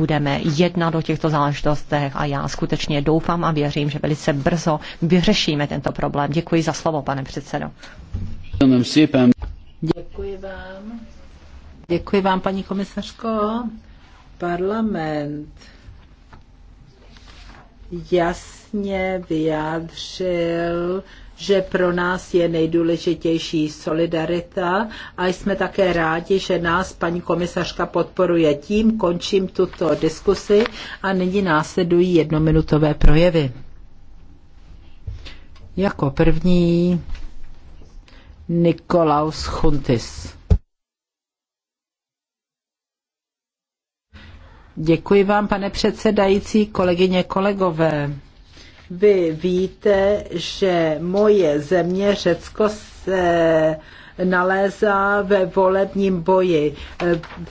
budeme jednat o těchto záležitostech a já skutečně doufám a věřím, že velice brzo vyřešíme tento problém. Děkuji za slovo, pane předsedo. Děkuji vám. Děkuji vám, paní komisařko. Parlament jasně vyjádřil že pro nás je nejdůležitější solidarita a jsme také rádi, že nás paní komisařka podporuje. Tím končím tuto diskusi a nyní následují jednominutové projevy. Jako první Nikolaus Chuntis. Děkuji vám, pane předsedající, kolegyně, kolegové. Vy víte, že moje země Řecko se nalézá ve volebním boji.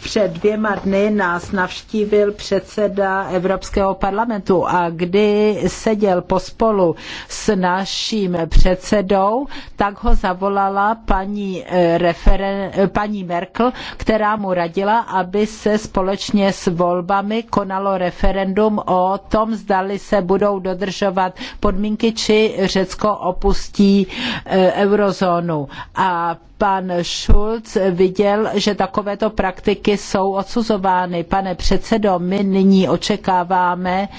Před dvěma dny nás navštívil předseda Evropského parlamentu a kdy seděl pospolu s naším předsedou, tak ho zavolala paní, eh, referen, paní Merkel, která mu radila, aby se společně s volbami konalo referendum o tom, zdali se budou dodržovat podmínky, či Řecko opustí eh, eurozónu. A pan Schulz viděl, že takovéto praktiky jsou odsuzovány. Pane předsedo, my nyní očekáváme,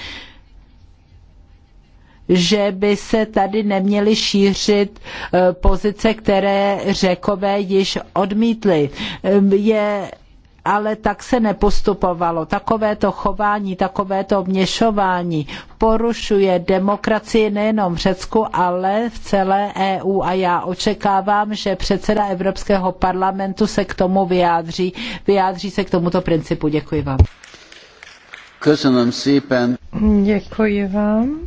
že by se tady neměly šířit eh, pozice, které řekové již odmítli. Eh, je ale tak se nepostupovalo. Takovéto chování, takovéto vměšování porušuje demokracii nejenom v Řecku, ale v celé EU a já očekávám, že předseda Evropského parlamentu se k tomu vyjádří, vyjádří se k tomuto principu. Děkuji vám. Děkuji vám.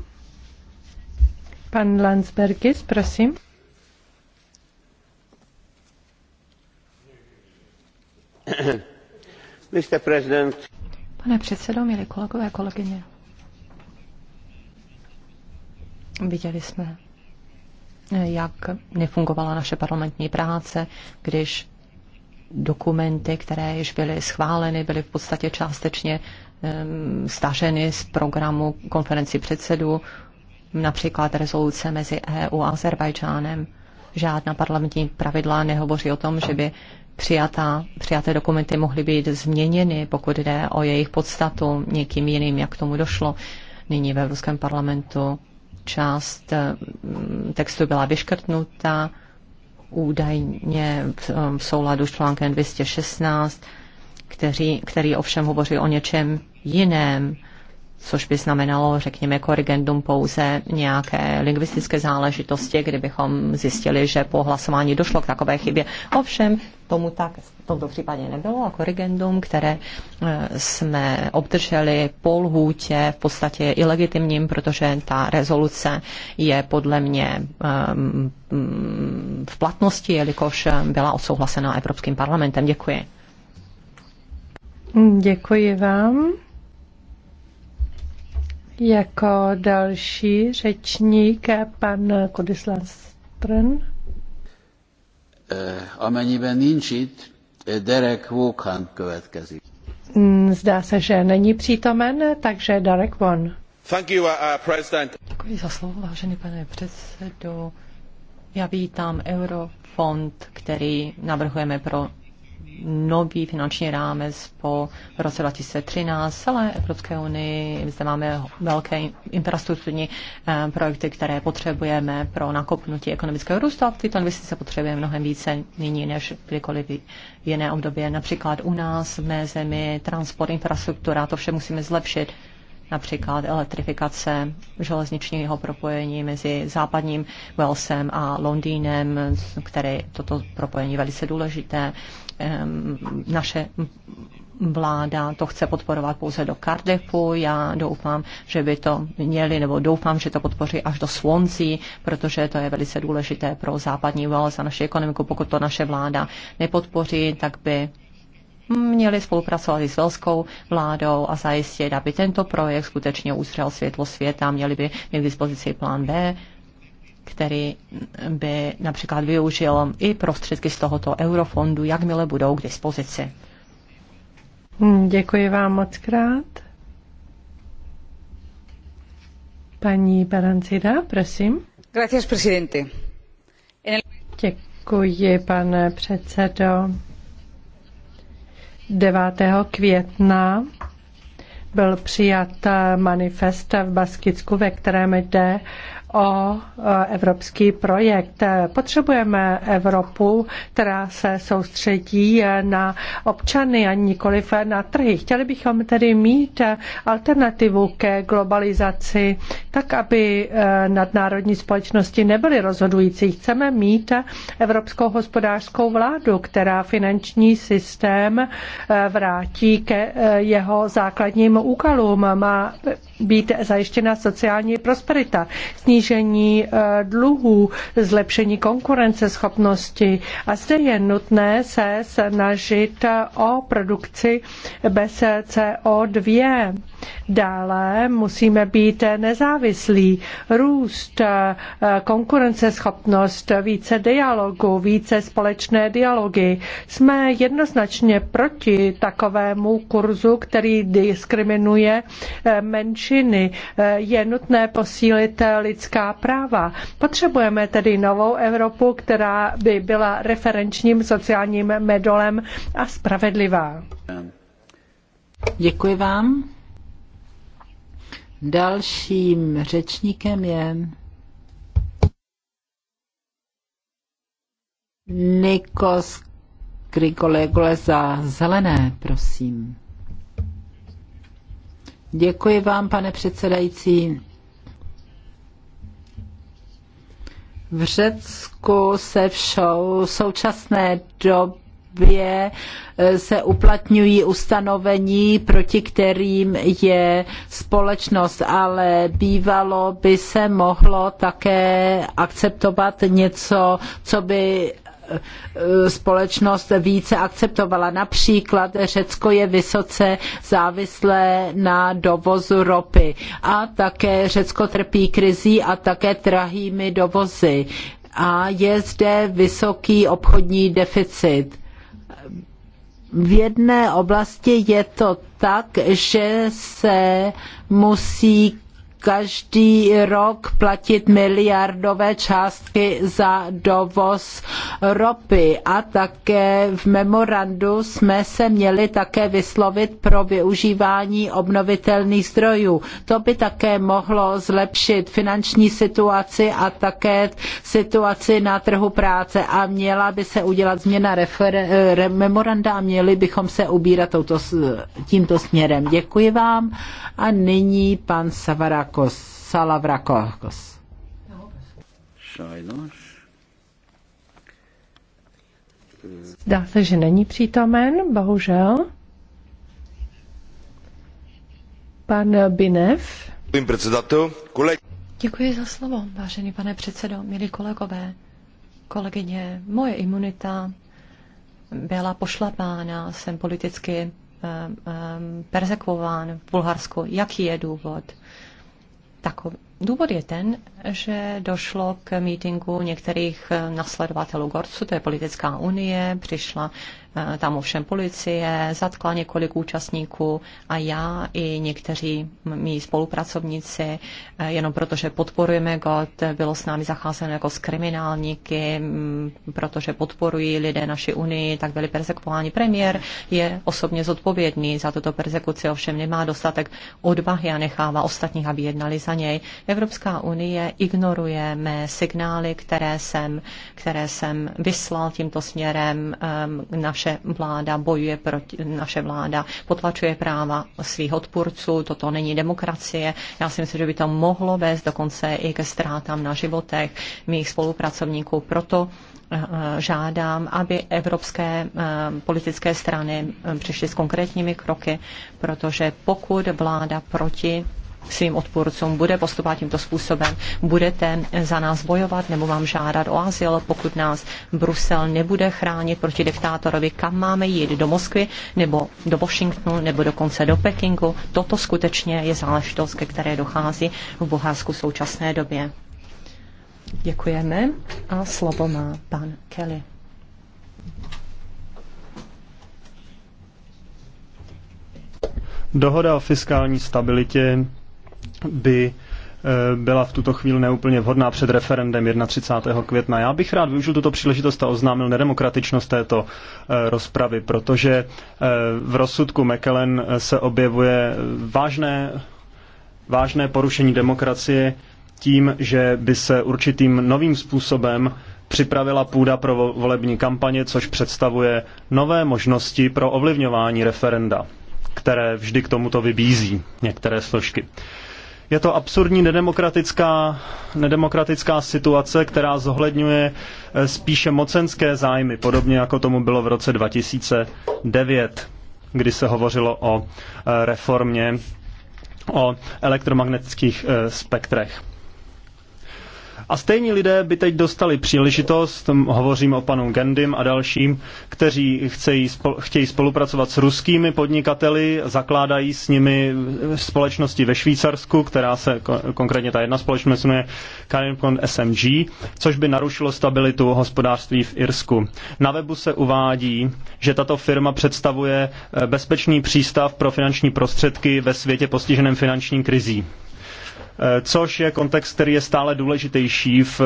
Pan Landsbergis, prosím. Pane předsedo, milí kolegové kolegyně, viděli jsme, jak nefungovala naše parlamentní práce, když dokumenty, které již byly schváleny, byly v podstatě částečně staženy z programu konferenci předsedů, například rezoluce mezi EU a Azerbajdžánem. Žádná parlamentní pravidla nehovoří o tom, že by přijatá, přijaté dokumenty mohly být změněny, pokud jde o jejich podstatu někým jiným, jak k tomu došlo. Nyní ve Evropském parlamentu část mm, textu byla vyškrtnuta, údajně v souladu s článkem 216, který, který ovšem hovoří o něčem jiném, což by znamenalo, řekněme, korrigendum pouze nějaké lingvistické záležitosti, kdybychom zjistili, že po hlasování došlo k takové chybě. Ovšem, tomu tak v tomto případě nebylo a korrigendum, které e, jsme obdrželi po lhůtě, v podstatě je i legitimním, protože ta rezoluce je podle mě e, v platnosti, jelikož byla odsouhlasena Evropským parlamentem. Děkuji. Děkuji vám. Jako další řečník pan Kodislav Strn. Eh, amennyiben nincs itt, eh, Derek Vaughan következik. Mm, zdá se, že není přítomen, takže Derek Von. Thank you, uh, uh, president. Děkuji za slovo, vážený pane předsedo. Já vítám Eurofond, který navrhujeme pro nový finanční rámec po roce 2013 celé Evropské unii. Zde máme velké infrastrukturní eh, projekty, které potřebujeme pro nakopnutí ekonomického růstu a tyto investice potřebujeme mnohem více nyní než kdykoliv jiné období. Například u nás v mé zemi transport, infrastruktura, to vše musíme zlepšit například elektrifikace železničního propojení mezi západním Walesem a Londýnem, které toto propojení je velice důležité. Naše vláda to chce podporovat pouze do Cardiffu. Já doufám, že by to měli, nebo doufám, že to podpoří až do Swansea, protože to je velice důležité pro západní Wales a naši ekonomiku. Pokud to naše vláda nepodpoří, tak by měli spolupracovat i s velskou vládou a zajistit, aby tento projekt skutečně uzřel světlo světa. Měli by mít k dispozici plán B, který by například využil i prostředky z tohoto eurofondu, jakmile budou k dispozici. Hmm, děkuji vám moc krát. Paní Barancida, prosím. Gracias, presidente. Děkuji, pane předsedo. 9. května byl přijat manifest v Baskicku, ve kterém jde o e, evropský projekt. Potřebujeme Evropu, která se soustředí na občany a nikoliv na trhy. Chtěli bychom tedy mít alternativu ke globalizaci, tak aby e, nadnárodní společnosti nebyly rozhodující. Chceme mít evropskou hospodářskou vládu, která finanční systém e, vrátí ke jeho základním úkolům. Má být zajištěna sociální prosperita. Sníž snížení eh, dluhů, zlepšení konkurenceschopnosti. A zde je nutné se snažit eh, o produkci bez CO2. Dále musíme být nezávislí. Růst, eh, konkurenceschopnost, více dialogu, více společné dialogy. Jsme jednoznačně proti takovému kurzu, který diskriminuje menšiny. Je nutné posílit lidské lidská práva. Potřebujeme tedy novou Evropu, která by byla referenčním sociálním medolem a spravedlivá. Děkuji vám. Dalším řečníkem je Nikos Grigolegole za zelené, prosím. Děkuji vám, pane předsedající. V Řecku se v, současné době eh, se uplatňují ustanovení, proti kterým je společnost, ale bývalo by se mohlo také akceptovat něco, co by společnost více akceptovala. Například Řecko je vysoce závislé na dovozu ropy a také Řecko trpí krizí a také drahými dovozy. A je zde vysoký obchodní deficit v jedné oblasti je to tak, že se musí každý rok platit miliardové částky za dovoz ropy. A také v memorandu jsme se měli také vyslovit pro využívání obnovitelných zdrojů. To by také mohlo zlepšit finanční situaci a také situaci na trhu práce. A měla by se udělat změna refer- memoranda a měli bychom se ubírat touto, tímto směrem. Děkuji vám. A nyní pan Savarak jako Salavrakos, Salavrakos. Sajnos. Zdá se, že není přítomen, bohužel. Pan Binev. Děkuji za slovo, vážený pane předsedo, milí kolegové, kolegyně. Moje imunita byla pošlapána, jsem politicky um, eh, um, eh, persekvován v Bulharsku. Jaký je důvod? Tak důvod je ten, že došlo k mítingu některých nasledovatelů Gorcu, to je politická unie, přišla Eh, tam ovšem policie zatkla několik účastníků a já i někteří mý spolupracovníci, eh, jenom protože podporujeme God, bylo s námi zacházeno jako s kriminálníky, protože podporují lidé naši unii, tak byli persekováni. Premiér je osobně zodpovědný za tuto persekuci, ovšem nemá dostatek odvahy a nechává ostatních, aby jednali za něj. Evropská unie ignoruje mé signály, které jsem, které jsem vyslal tímto směrem na naše vláda bojuje proti, naše vláda potlačuje práva svých odpůrců, toto není demokracie. Já si myslím, že by to mohlo vést dokonce i ke ztrátám na životech mých spolupracovníků. Proto eh, eh, žádám, aby evropské eh, politické strany přišly s konkrétními kroky, protože pokud vláda proti svým odpůrcům, bude postupovat tímto způsobem, budete za nás bojovat nebo vám žádat o azyl, pokud nás Brusel nebude chránit proti diktátorovi, kam máme jít, do Moskvy nebo do Washingtonu nebo dokonce do Pekingu. Toto skutečně je záležitost, ke které dochází v Bulharsku v současné době. Děkujeme a slovo má pan Kelly. Dohoda o fiskální stabilitě by eh, byla v tuto chvíli neúplně vhodná před referendem 31. května. Já bych rád využil tuto příležitost a oznámil nedemokratičnost této eh, rozpravy, protože eh, v rozsudku Mekelen se objevuje vážné, vážné porušení demokracie tím, že by se určitým novým způsobem připravila půda pro volební kampaně, což představuje nové možnosti pro ovlivňování referenda, které vždy k tomuto vybízí některé složky. Je to absurdní nedemokratická, nedemokratická situace, která zohledňuje eh, spíše mocenské zájmy, podobně jako tomu bylo v roce 2009, kdy se hovořilo o eh, reformě o elektromagnetických eh, spektrech. A stejní lidé by teď dostali příležitost, hovořím o panu Gendym a dalším, kteří chcejí, chtějí spolupracovat s ruskými podnikateli, zakládají s nimi společnosti ve Švýcarsku, která se, konkrétně ta jedna společnost jmenuje Karimkon SMG, což by narušilo stabilitu hospodářství v Irsku. Na webu se uvádí, že tato firma představuje e, bezpečný přístav pro finanční prostředky ve světě postiženém finanční krizí. Eh, což je kontext, který je stále důležitější v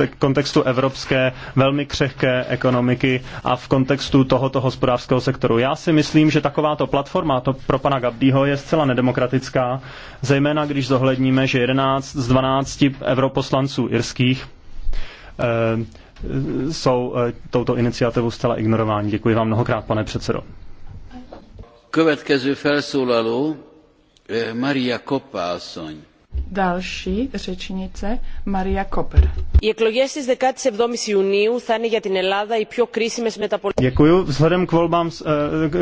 eh, kontextu evropské velmi křehké ekonomiky a v kontextu tohoto hospodářského sektoru. Já si myslím, že takováto platforma to pro pana Gabdího je zcela nedemokratická, zejména když zohledníme, že 11 z 12 europoslanců irských eh, jsou touto iniciativou zcela ignorováni. Děkuji vám mnohokrát, pane předsedo. Következő felszólaló Maria Koppa asszony. Další řečnice Maria Koper. Děkuji. Vzhledem k volbám,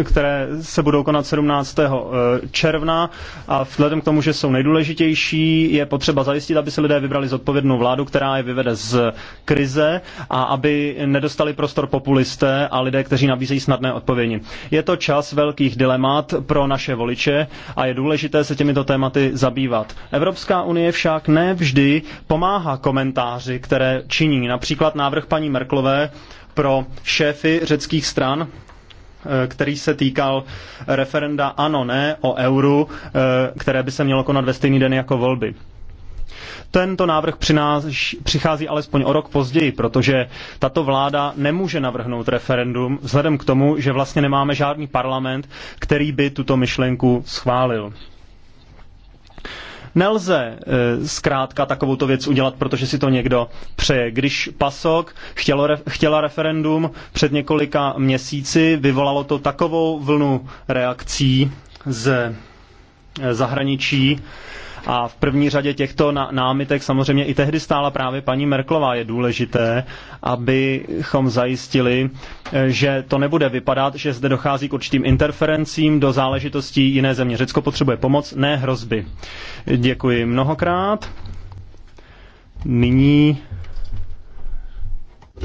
eh, které se budou konat 17. Eh, června a vzhledem k tomu, že jsou nejdůležitější, je potřeba zajistit, aby se lidé vybrali zodpovědnou vládu, která je vyvede z krize a aby nedostali prostor populisté a lidé, kteří nabízejí snadné odpovědi. Je to čas velkých dilemat pro naše voliče a je důležité se těmito tématy zabývat. Evropská Evropská unie však nevždy pomáhá komentáři, které činí. Například návrh paní Merklové pro šéfy řeckých stran, eh, který se týkal referenda ano, ne o euru, eh, které by se mělo konat ve stejný den jako volby. Tento návrh přichází alespoň o rok později, protože tato vláda nemůže navrhnout referendum vzhledem k tomu, že vlastně nemáme žádný parlament, který by tuto myšlenku schválil. Nelze eh, zkrátka takovouto věc udělat, protože si to někdo přeje. Když PASOK chtělo, chtěla referendum před několika měsíci, vyvolalo to takovou vlnu reakcí z eh, zahraničí, a v první řadě těchto námitek samozřejmě i tehdy stála právě paní Merklová. Je důležité, abychom zajistili, eh, že to nebude vypadat, že zde dochází k určitým interferencím do záležitostí jiné země. Řecko potřebuje pomoc, ne hrozby. Děkuji mnohokrát. Nyní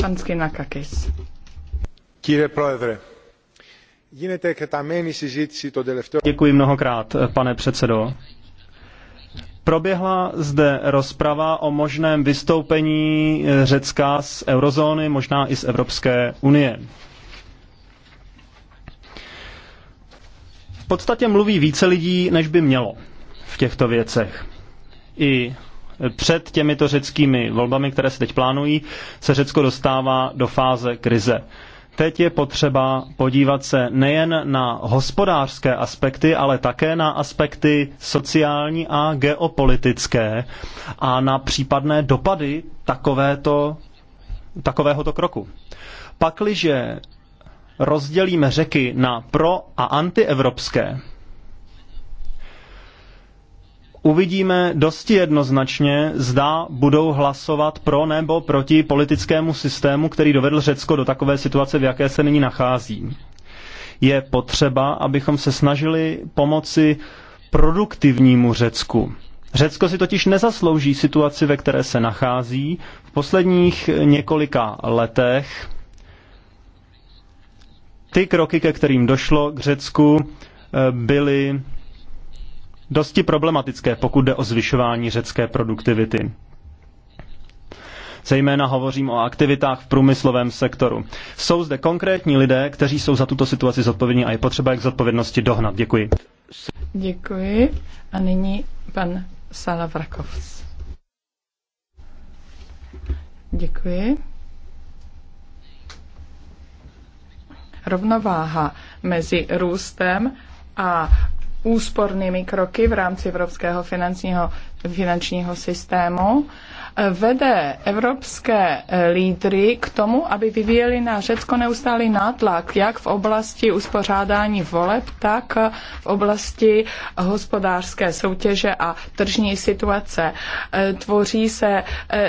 Pansky Skinakakis. Kýre proedre, Děkuji mnohokrát, pane předsedo. Proběhla zde rozprava o možném vystoupení Řecka z eurozóny, možná i z Evropské unie. V podstatě mluví více lidí, než by mělo v těchto věcech. I před těmito řeckými volbami, které se teď plánují, se Řecko dostává do fáze krize. Teď je potřeba podívat se nejen na hospodářské aspekty, ale také na aspekty sociální a geopolitické a na případné dopady takovéto, takovéhoto kroku. Pakliže rozdělíme řeky na pro- a antievropské, uvidíme dosti jednoznačně, zda budou hlasovat pro nebo proti politickému systému, který dovedl Řecko do takové situace, v jaké se nyní nachází. Je potřeba, abychom se snažili pomoci produktivnímu Řecku. Řecko si totiž nezaslouží situaci, ve které se nachází. V posledních několika letech ty kroky, ke kterým došlo k Řecku, eh, byly dosti problematické, pokud jde o zvyšování řecké produktivity. Zejména hovořím o aktivitách v průmyslovém sektoru. Jsou zde konkrétní lidé, kteří jsou za tuto situaci zodpovědní a je potřeba je k zodpovědnosti dohnat. Děkuji. Děkuji. A nyní pan Salavrakovs. Děkuji. Rovnováha mezi růstem a úspornými kroky v rámci evropského finančního, finančního systému eh, vede evropské eh, lídry k tomu, aby vyvíjeli na Řecko neustálý nátlak, jak v oblasti uspořádání voleb, tak eh, v oblasti hospodářské soutěže a tržní situace. Tvoří se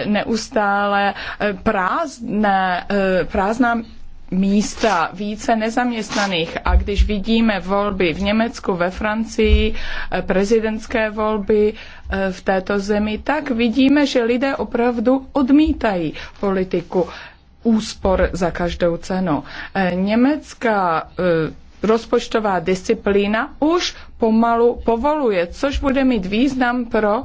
neustále prázdné, prázdná místa více nezaměstnaných a když vidíme volby v Německu, ve Francii, eh, prezidentské volby eh, v této zemi, tak vidíme, že lidé opravdu odmítají politiku úspor za každou cenu. Eh, Německá rozpočtová disciplína už pomalu povoluje, což bude mít význam pro e,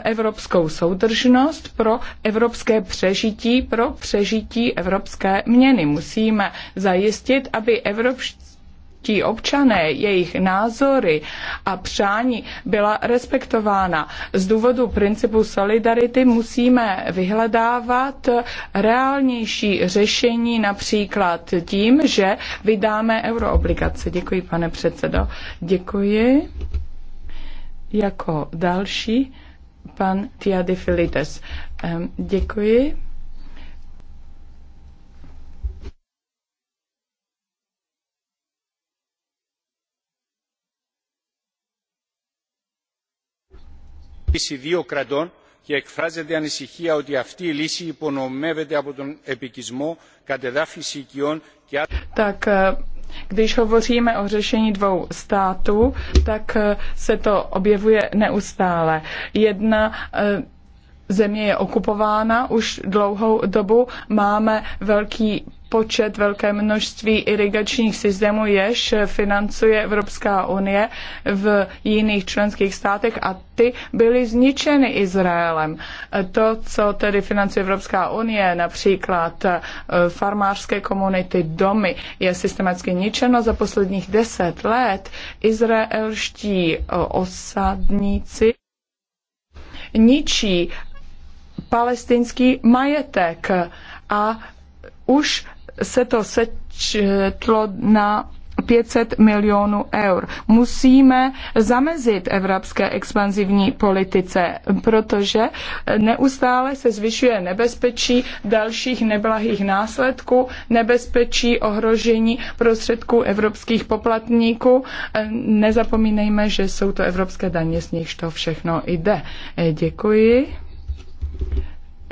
evropskou soudržnost, pro evropské přežití, pro přežití evropské měny. Musíme zajistit, aby evropští ti občané, jejich názory a přání byla respektována. Z důvodu principu solidarity musíme vyhledávat reálnější řešení například tím, že vydáme euroobligace. Děkuji, pane předsedo. Děkuji. Jako další pan Tiady Filites. Děkuji. λύση δύο κρατών και εκφράζεται ανησυχία ότι αυτή η λύση υπονομεύεται από τον επικισμό κατεδάφιση οικειών και άλλων. Když hovoříme o řešení dvou států, tak se to objevuje neustále. Jedna země je okupována už dlouhou dobu. Máme velký počet, velké množství irigačních systémů, jež financuje Evropská unie v jiných členských státech a ty byly zničeny Izraelem. To, co tedy financuje Evropská unie, například eh, farmářské komunity, domy, je systematicky ničeno za posledních deset let. Izraelští eh, osadníci ničí palestinský majetek a už se to sečetlo na 500 milionů eur. Musíme zamezit evropské expanzivní politice, protože neustále se zvyšuje nebezpečí dalších neblahých následků, nebezpečí ohrožení prostředků evropských poplatníků. Nezapomínejme, že jsou to evropské daně, z nichž to všechno jde. Děkuji.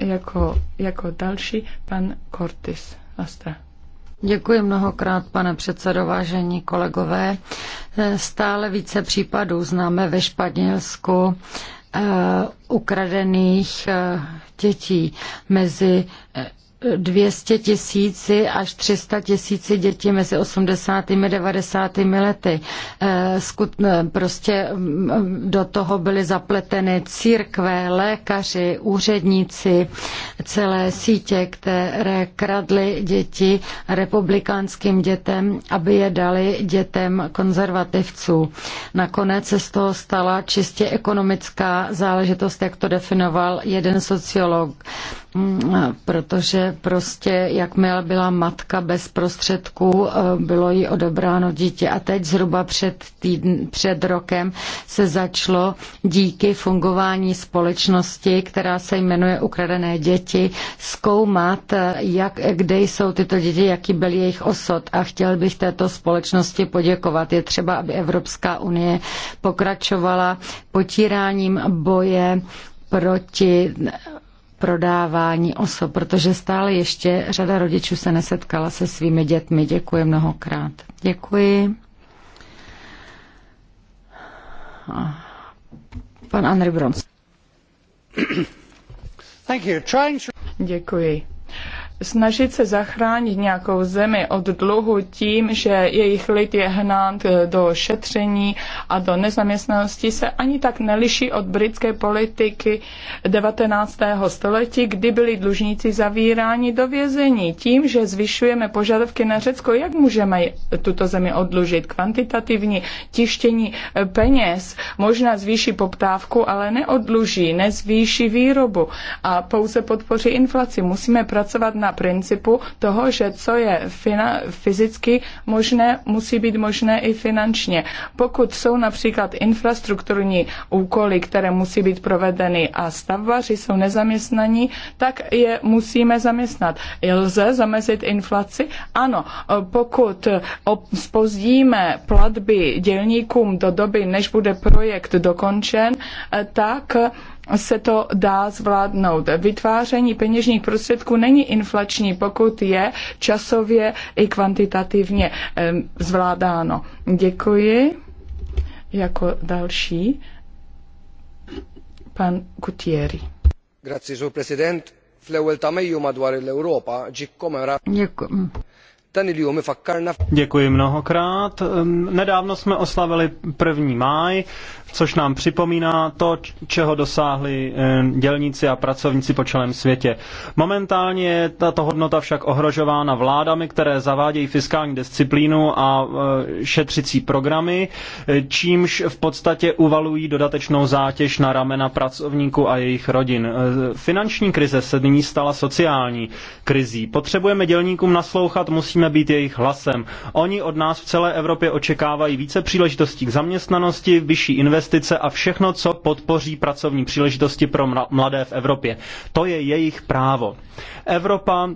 Jako, jako další pan Cortis Astra. Děkuji mnohokrát, pane předsedo, vážení kolegové. Stále více případů známe ve Španělsku eh, ukradených eh, dětí mezi eh, 200 tisíci až 300 tisíci dětí mezi 80. a 90. lety. Eh, skut, eh, prostě mm, mm, do toho byly zapleteny církve, lékaři, úředníci, celé sítě, které kradly děti republikánským dětem, aby je dali dětem konzervativců. Nakonec se z toho stala čistě ekonomická záležitost, jak to definoval jeden sociolog Mm, protože prostě jakmile byla matka bez prostředků, e, bylo jí odebráno dítě. A teď zhruba před, týdn, před rokem se začalo díky fungování společnosti, která se jmenuje Ukradené děti, zkoumat, e, jak, kde jsou tyto děti, jaký byl jejich osud. A chtěl bych této společnosti poděkovat. Je třeba, aby Evropská unie pokračovala potíráním boje proti prodávání osob, protože stále ještě řada rodičů se nesetkala se svými dětmi. Děkuji mnohokrát. Děkuji. Pan Andrej Brons. Děkuji snažit se zachránit nějakou zemi od dluhu tím, že jejich lid je hnán do šetření a do nezaměstnanosti, se ani tak neliší od britské politiky 19. století, kdy byli dlužníci zavíráni do vězení. Tím, že zvyšujeme požadavky na Řecko, jak můžeme tuto zemi odlužit? Kvantitativní tištění peněz možná zvýší poptávku, ale neodluží, nezvýší výrobu a pouze podpoří inflaci. Musíme pracovat na na principu toho, že co je fyzicky možné, musí být možné i finančně. Pokud jsou například infrastrukturní úkoly, které musí být provedeny a stavbaři jsou nezaměstnaní, tak je musíme zaměstnat. Lze zamezit inflaci? Ano, pokud spozdíme platby dělníkům do doby, než bude projekt dokončen, eh, tak se to dá zvládnout. Vytváření peněžních prostředků není inflační, pokud je časově i kvantitativně zvládáno. Děkuji. Jako další pan Gutieri. Grazie, prezident. Fl-ewwel ta' Mejju madwar l Děkuji mnohokrát. Nedávno jsme oslavili 1. máj, což nám připomíná to, čeho dosáhli dělníci a pracovníci po celém světě. Momentálně je tato hodnota však ohrožována vládami, které zavádějí fiskální disciplínu a e, šetřicí programy, e, čímž v podstatě uvalují dodatečnou zátěž na ramena pracovníků a jejich rodin. E, finanční krize se nyní stala sociální krizí. Potřebujeme dělníkům naslouchat, musíme musíme být jejich hlasem. Oni od nás v celé Evropě očekávají více příležitostí k zaměstnanosti, vyšší investice a všechno, co podpoří pracovní příležitosti pro mladé v Evropě. To je jejich právo. Evropa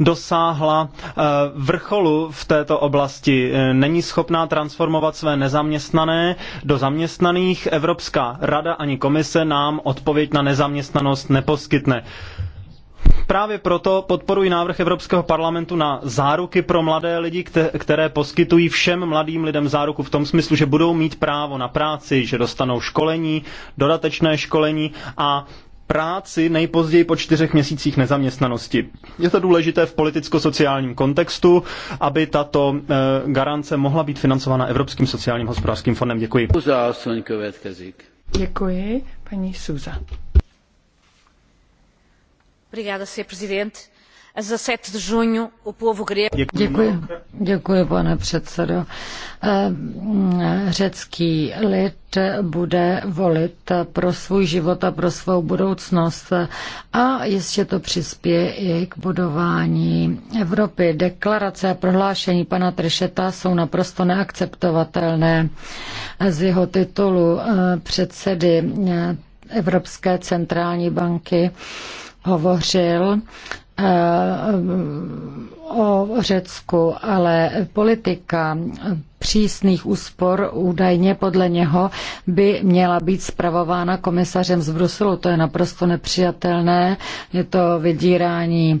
dosáhla eh, vrcholu v této oblasti. Eh, není schopná transformovat své nezaměstnané do zaměstnaných. Evropská rada ani komise nám odpověď na nezaměstnanost neposkytne. Právě proto podporuji návrh Evropského parlamentu na záruky pro mladé lidi, které poskytují všem mladým lidem záruku v tom smyslu, že budou mít právo na práci, že dostanou školení, dodatečné školení a práci nejpozději po čtyřech měsících nezaměstnanosti. Je to důležité v politicko-sociálním kontextu, aby tato e, garance mohla být financována Evropským sociálním hospodářským fondem. Děkuji. Děkuji, paní Suza. Děkuji, děkuji, pane předsedo. Eh, mm, řecký lid bude volit pro svůj život a pro svou budoucnost a jistě to přispěje i k budování Evropy. Deklarace a prohlášení pana Trešeta jsou naprosto neakceptovatelné z jeho titulu eh, předsedy eh, Evropské centrální banky hovořil eh, o Řecku, ale politika přísných úspor údajně podle něho by měla být spravována komisařem z Bruselu. To je naprosto nepřijatelné. Je to vydírání. E,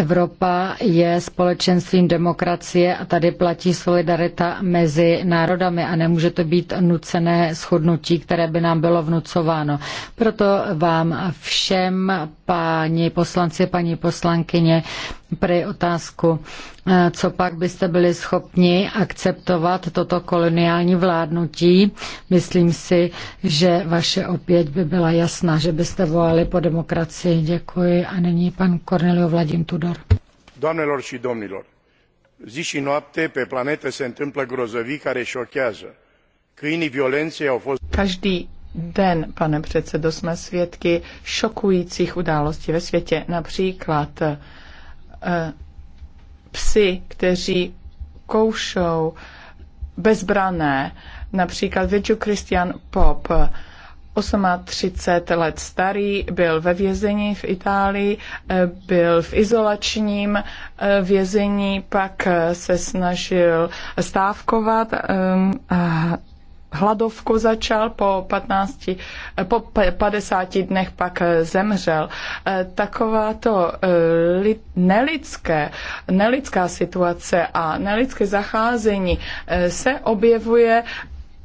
Evropa je společenstvím demokracie a tady platí solidarita mezi národami a nemůže to být nucené shodnutí, které by nám bylo vnucováno. Proto vám všem, páni poslanci, paní poslankyně, prej otázku co pak byste byli schopni akceptovat toto koloniální vládnutí. Myslím si, že vaše opět by byla jasná, že byste volali po demokracii. Děkuji. A nyní pan Cornelio Vladim Tudor. Doamnelor și domnilor, zi și noapte pe planetă se întâmplă grozăvii care șochează. Câinii violenței au fost... Každý den, pane předsedo, jsme svědky šokujících událostí ve světě. Například uh, psy, kteří koušou bezbrané, například Vidžu Christian Pop, 38 let starý, byl ve vězení v Itálii, byl v izolačním eh, vězení, pak eh, se snažil stávkovat ehm, a hladovku začal, po, 15, eh, po 50 dnech pak eh, zemřel. Eh, Taková to nelidské, nelidská situace a nelidské zacházení se objevuje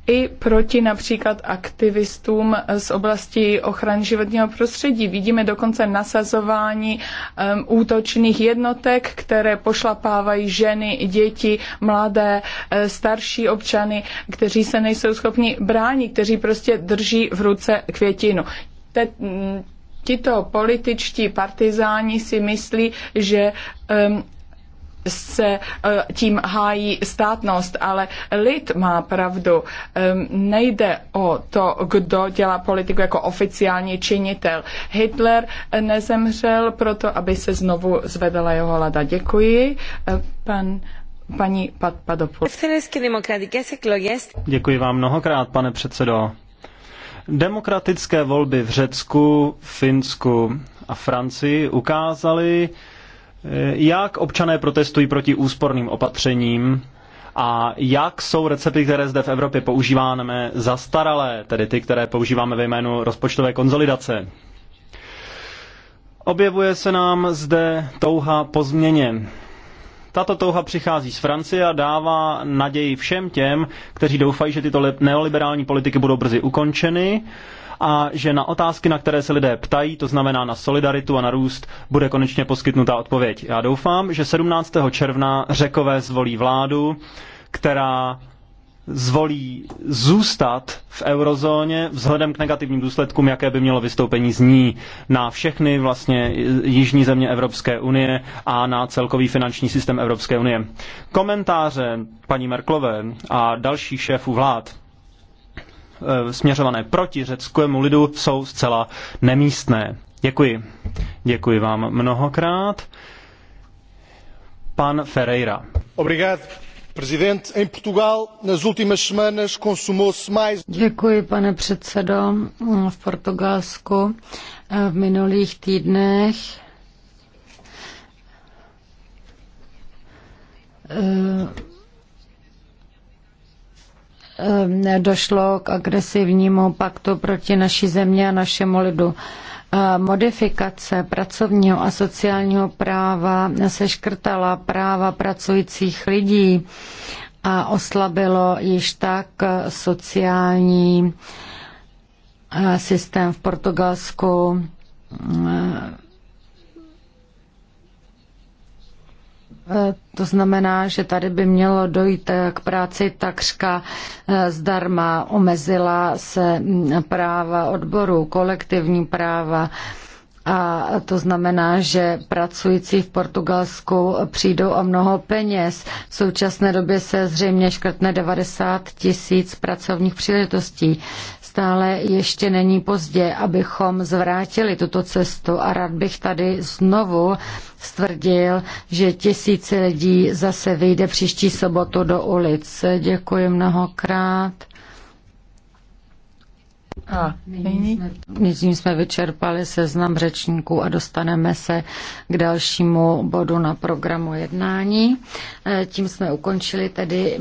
i proti například aktivistům z oblasti ochrany životního prostředí. Vidíme dokonce nasazování um, útočných jednotek, které pošlapávají ženy, děti, mladé, uh, starší občany, kteří se nejsou schopni bránit, kteří prostě drží v ruce květinu. Te, tito političtí partizáni si myslí, že um, se eh, tím hájí státnost, ale lid má pravdu. Ehm, nejde o to, kdo dělá politiku jako oficiální činitel. Hitler nezemřel proto, aby se znovu zvedala jeho hlada. Děkuji. Eh, pan paní Padopul. Děkuji vám mnohokrát, pane předsedo. Demokratické volby v Řecku, Finsku a Francii ukázaly, Eh, jak občané protestují proti úsporným opatřením a jak jsou recepty, které zde v Evropě používáme, zastaralé, tedy ty, které používáme ve jménu rozpočtové konzolidace. Objevuje se nám zde touha po změně. Tato touha přichází z Francie a dává naději všem těm, kteří doufají, že tyto neoliberální politiky budou brzy ukončeny a že na otázky, na které se lidé ptají, to znamená na solidaritu a na růst, bude konečně poskytnuta odpověď. Já doufám, že 17. června řekové zvolí vládu, která zvolí zůstat v eurozóně vzhledem k negativním důsledkům, jaké by mělo vystoupení z ní na všechny vlastně jižní země Evropské unie a na celkový finanční systém Evropské unie. Komentáře paní Merklové a dalších šéfů vlád Eh, směřované proti řeckému lidu jsou zcela nemístné. Děkuji. Děkuji vám mnohokrát. Pan Ferreira. Obrigado. Presidente, em Portugal nas últimas semanas consumou-se mais. Děkuji, pane předsedo. V Portugalsku eh, v minulých týdnech uh... Ehm, došlo k agresivnímu paktu proti naší země a našemu lidu. Ehm, modifikace pracovního a sociálního práva seškrtala práva pracujících lidí a oslabilo již tak sociální eh, systém v Portugalsku. Ehm, eh, to znamená, že tady by mělo dojít eh, k práci takřka eh, zdarma. Omezila se mm, práva odboru, kolektivní práva. A to znamená, že pracující v Portugalsku přijdou o mnoho peněz. V současné době se zřejmě škrtne 90 tisíc pracovních příležitostí stále ještě není pozdě, abychom zvrátili tuto cestu a rád bych tady znovu stvrdil, že tisíce lidí zase vyjde příští sobotu do ulic. Děkuji mnohokrát. A nyní jsme, nyní jsme vyčerpali seznam řečníků a dostaneme se k dalšímu bodu na programu jednání. E, tím jsme ukončili tedy